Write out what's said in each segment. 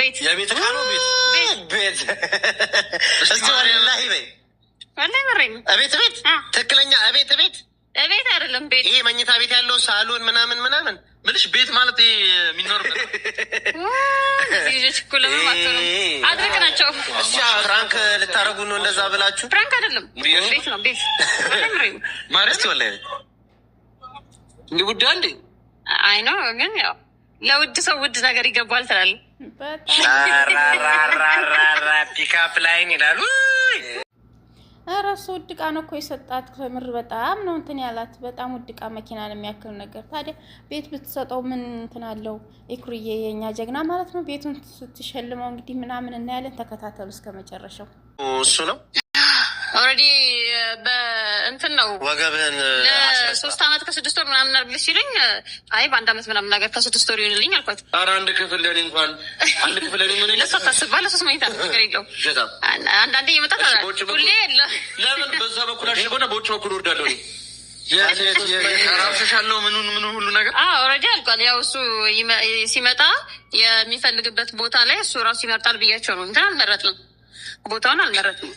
ቤት የቤት እቃ ነው። ቤት ቤት እስቲ ወላሂ በይ ወላሂ በረኝ እቤት ቤት ትክክለኛ እቤት ቤት እቤት አይደለም ቤት። ይሄ መኝታ ቤት ያለው ሳሎን ምናምን ምናምን ምልሽ ቤት ማለት የሚኖር አድርግ ናቸው። ፍራንክ ልታረጉ ነው እንደዛ ብላችሁ ፍራንክ አይደለም ቤት ነው ቤት ማለት ወላሂ እንዲህ ጉዳይ እንዴ አይ ነው ግን ያው ለውድ ሰው ውድ ነገር ይገባል ትላለ። ፒካፕ ላይን ይላሉ። ኧረ እሱ ውድ ዕቃ ነው እኮ የሰጣት። ከምር በጣም ነው እንትን ያላት። በጣም ውድ ዕቃ ነው የሚያክል ነገር። ታዲያ ቤት ብትሰጠው ምን እንትን አለው? ኢኩርዬ የእኛ ጀግና ማለት ነው። ቤቱን ስትሸልመው እንግዲህ ምናምን እናያለን። ተከታተሉ እስከ መጨረሻው እሱ ነው ኦልሬዲ በእንትን ነው ወገብህን ለሶስት አመት ከስድስት ወር ምናምን አድርግልሽ ሲለኝ አይ በአንድ አመት ምናምን ነገር ከስድስት ወር ይሆንልኝ አልኳት። ኧረ አንድ ክፍል ለኔ እንኳን አንድ ክፍል ለኔ ምን ለሶ ታስባ ለሶስት መኝታ ነገር የለው አንዳንዴ የመጣት ሁሌ የለ ለምን በዛ በኩል አሽጎና በውጭ በኩል ወርዳለሁ ራብሸሻለው ምኑን ምኑ ሁሉ ነገር ኦልሬዲ አልቋል። ያው እሱ ሲመጣ የሚፈልግበት ቦታ ላይ እሱ ራሱ ይመርጣል ብያቸው ነው። እንትን አልመረጥንም፣ ቦታውን አልመረጥንም።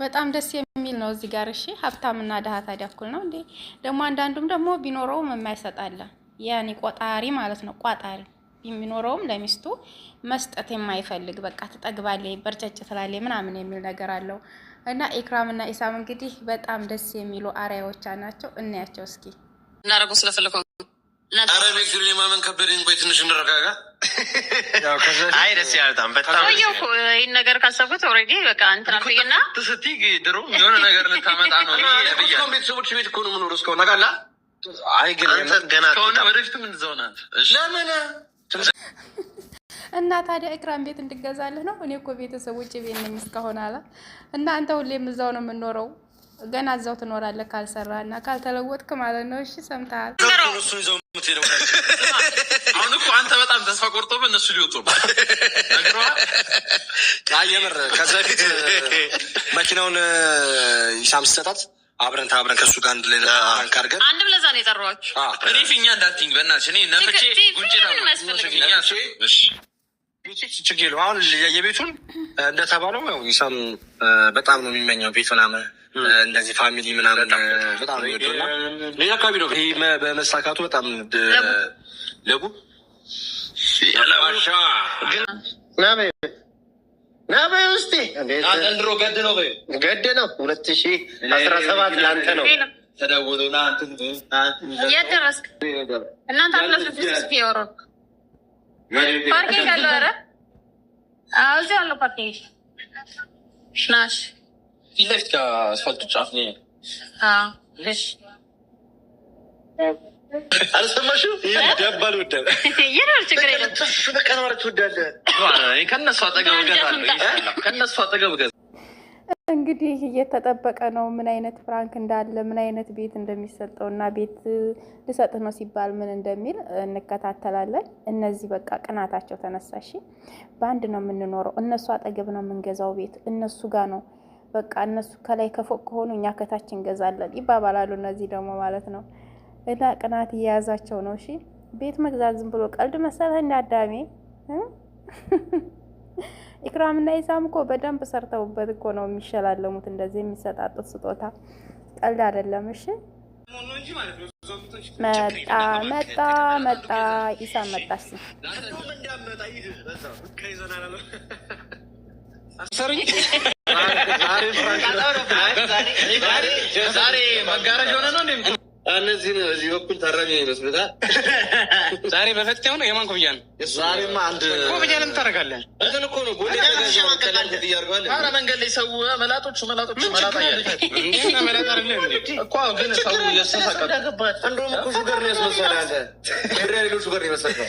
በጣም ደስ የሚል ነው። እዚህ ጋር እሺ፣ ሀብታምና ድሀ ታዲያ እኩል ነው እንዴ? ደግሞ አንዳንዱም ደግሞ ቢኖረውም የማይሰጣለ ያኔ ቆጣሪ ማለት ነው። ቋጣሪ ቢኖረውም ለሚስቱ መስጠት የማይፈልግ በቃ ትጠግባለች፣ በርጨጭ ትላለች ምናምን የሚል ነገር አለው እና ኢክራምና ኢሳም እንግዲህ በጣም ደስ የሚሉ አሪያዎቻ ናቸው። እናያቸው እስኪ እናደርጉ ስለፈለኩ አረቤ ክሪ ማመን ከበደኝ። ቆይ ትንሽ እንረጋጋ። አይ ደስ ያልጣም በጣም ይህን ነገር ካሰብኩት ኦልሬዲ በቃ ድሮ የሆነ ነገር ልታመጣ ነው። ቤተሰቦች ቤት እኮ ነው የምኖረው ነቃላ። አይ ግን ገና ከሆነ ለምን እና ታዲያ ቤት እንድገዛልህ ነው? እኔ እኮ ቤተሰቦች ቤት ነኝ እስካሁን አለ። እና አንተ ሁሌም እዛው ነው የምኖረው ገና እዛው ትኖራለህ ካልሰራ እና ካልተለወጥክ ማለት ነው። እሺ ሰምተሃል? አሁን እኮ አንተ በጣም ተስፋ ቆርጦ በእነሱ ሊወጡ ከዚ በፊት መኪናውን ይሳም ስሰጣት አብረን ታብረን ከእሱ ጋር አንድ ላይ ነው እንዳትኝ በእናትሽ እኔ ነፍቼ ችግር የለውም። አሁን የቤቱን እንደተባለው በጣም ነው የሚመኘው ቤት ምናምን እንደዚህ ፋሚሊ ምናምን በጣም አካባቢ ነው። ይሄ በመሳካቱ በጣም ለቡ ናበናበስቲንድሮ ገድ ነው ገድ ነው ሁለት ሺ አስራ ሰባት ለአንተ ነው ተደውሎና እናንተ ፓርኪንግ አለ። አረ እዚሁ አለው ፓርኪንግ ናሽ ፊት ለፊት ከአስፋልቱ ጫፍ ነው። አልሰማሽም? ደባል ወዳል ከነሱ አጠገብ ከነሱ አጠገብ እንግዲህ እየተጠበቀ ነው ምን አይነት ፍራንክ እንዳለ ምን አይነት ቤት እንደሚሰጠው እና ቤት ልሰጥህ ነው ሲባል ምን እንደሚል እንከታተላለን። እነዚህ በቃ ቅናታቸው ተነሳሽ በአንድ ነው የምንኖረው፣ እነሱ አጠገብ ነው የምንገዛው ቤት እነሱ ጋር ነው በቃ እነሱ ከላይ ከፎቅ ከሆኑ እኛ ከታች እንገዛለን ይባባላሉ። እነዚህ ደግሞ ማለት ነው እና ቅናት እየያዛቸው ነው። እሺ ቤት መግዛት ዝም ብሎ ቀልድ መሰለህ? እንደ አዳሜ ኢክራም እና ኢሳም እኮ በደንብ ሰርተውበት እኮ ነው የሚሸላለሙት። እንደዚህ የሚሰጣጡት ስጦታ ቀልድ አይደለም። እሺ መጣ መጣ መጣ ኢሳ መጣስ ሰሩኝ ዛሬ መጋረጅ ሆነ ነው እንዴ? እነዚህ እዚህ በኩል ታራሚ ይመስሉታል። ዛሬ በፈትያው ነው የማን ኮብያ ነው? ዛሬማ አንድ ኮብያ ለምን ታደርጋለህ? እንትን እኮ ነው ጎል ያደርጋል። መንገድ ላይ ሰው መላጦቹ መላጦቹ መላጣ ሹገር ነው ያስመሰለህ አንተ ሹገር ነው የመሰለህ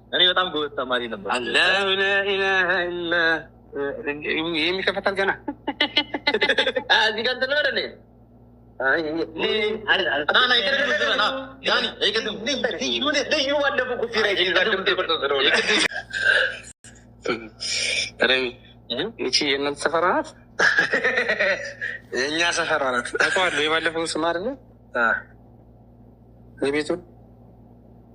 እኔ በጣም ጎበዝ ተማሪ ነበር። የሚከፈታል ገና እዚህ ጋር እንትን በለ ይቺ የእናንተ ሰፈራ ናት? የእኛ ሰፈራ ናት። የባለፈው ስም አይደለ የቤቱን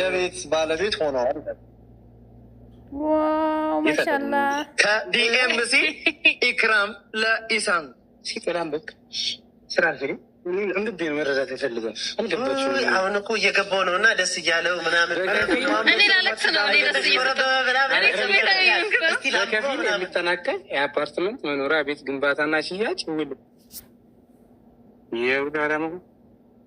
የቤት ባለቤት ሆነዋል። ዋው ማሻላ ከዲኤምሲ ኢክራም ለኢሳም ሲጠላም በቅ ስራ አልፈልም። እንግዲህ መረዳት ይፈልጋል። አሁን እኮ እየገባው ነው እና ደስ እያለው ምናምን የሚጠናቀቅ የአፓርትመንት መኖሪያ ቤት ግንባታና ሽያጭ የሚል ይኸው ዓላማ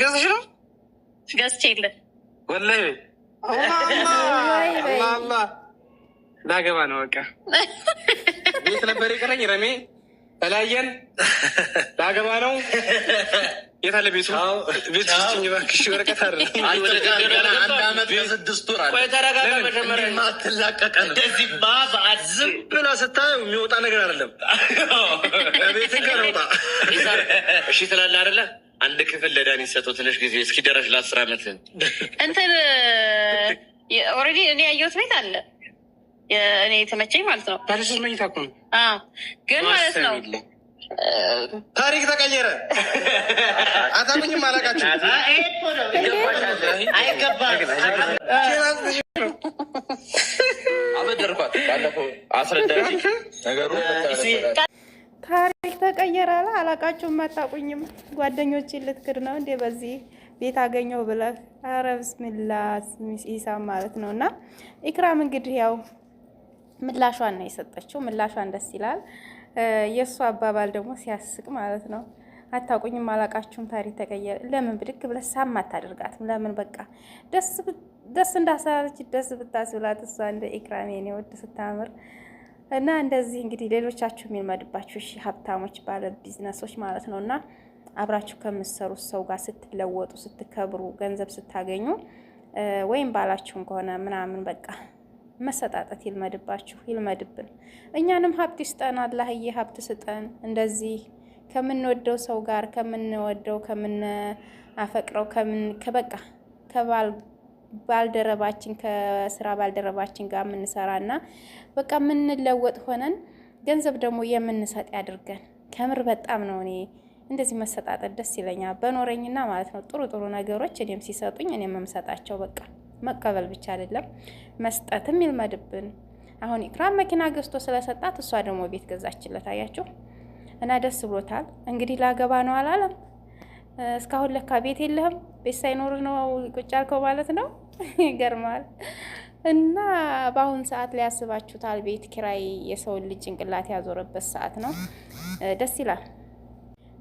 ገዝሽ ነው? ገዝቼ የለ ወላሂ ላገባ ነው። በቃ ቤት ነበር የቀረኝ። ረሜ ተለያየን። ላገባ ነው። የት አለ ቤቱ? ቤት ስጭኝ እባክሽ። ወረቀት አለ። ስድስት ዝም ብላ ስታየው የሚወጣ ነገር አይደለም። ቤትን ከለውጣ እሺ ትላለህ አይደለ አንድ ክፍል ለዳኒ ሰጠው። ትንሽ ጊዜ እስኪደረሽ ለአስር አመት እንትን ኦልሬዲ እኔ ያየሁት ቤት አለ እኔ የተመቸኝ ማለት ነው። ባለሶስት መኝታ እኮ ነው ግን ማለት ነው ታሪክ ተቀየረ። አታምኝም? አላቃቸው አበደርኳት ባለፈው አስረዳ ነገሩ ተቀየራል። አላቃችሁም፣ አታቁኝም። ጓደኞች ልትክድ ነው እንዴ? በዚህ ቤት አገኘው ብለህ አረ ብስሚላ ኢሳም ማለት ነው። እና ኢክራም እንግዲህ ያው ምላሿን ነው የሰጠችው። ምላሿን ደስ ይላል። የእሱ አባባል ደግሞ ሲያስቅ ማለት ነው። አታቁኝም፣ አላቃችሁም፣ ታሪክ ተቀየረ። ለምን ብድግ ብለህ ሳም አታደርጋትም? ለምን በቃ ደስ ደስ እንዳሳለች ደስ ብታስብላት እሷ እንደ ኢክራም የኔ ወድ ስታምር እና እንደዚህ እንግዲህ ሌሎቻችሁ የሚልመድባችሁ እሺ፣ ሀብታሞች ባለ ቢዝነሶች ማለት ነው እና አብራችሁ ከምትሰሩት ሰው ጋር ስትለወጡ ስትከብሩ ገንዘብ ስታገኙ ወይም ባላችሁም ከሆነ ምናምን በቃ መሰጣጠት ይልመድባችሁ ይልመድብን። እኛንም ሀብት ይስጠን አላህዬ፣ ሀብት ስጠን። እንደዚህ ከምንወደው ሰው ጋር ከምንወደው ከምናፈቅረው ከበቃ ከባል ባልደረባችን ከስራ ባልደረባችን ጋር የምንሰራና በቃ የምንለወጥ ሆነን ገንዘብ ደግሞ የምንሰጥ ያድርገን። ከምር በጣም ነው እኔ እንደዚህ መሰጣጠት ደስ ይለኛል። በኖረኝና ማለት ነው ጥሩ ጥሩ ነገሮች እኔም ሲሰጡኝ እኔ የምሰጣቸው በቃ መቀበል ብቻ አይደለም መስጠትም ይልመድብን። አሁን ኢክራም መኪና ገዝቶ ስለሰጣት እሷ ደግሞ ቤት ገዛችለት። አያችሁ እና ደስ ብሎታል። እንግዲህ ላገባ ነው አላለም እስካሁን። ለካ ቤት የለህም ቤት ሳይኖር ነው ቁጭ ያልከው ማለት ነው። ይገርማል። እና በአሁን ሰዓት ላይ ቤት ኪራይ የሰውን ልጅ ጭንቅላት ያዞረበት ሰዓት ነው። ደስ ይላል።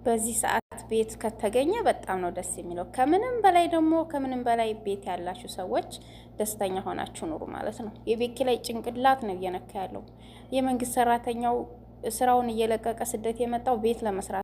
በዚህ ሰዓት ቤት ከተገኘ በጣም ነው ደስ የሚለው። ከምንም በላይ ደግሞ ከምንም በላይ ቤት ያላችሁ ሰዎች ደስተኛ ሆናችሁ ኑሩ ማለት ነው። የቤት ኪራይ ጭንቅላት ነው እየነካ ያለው። የመንግስት ሰራተኛው ስራውን እየለቀቀ ስደት የመጣው ቤት ለመስራት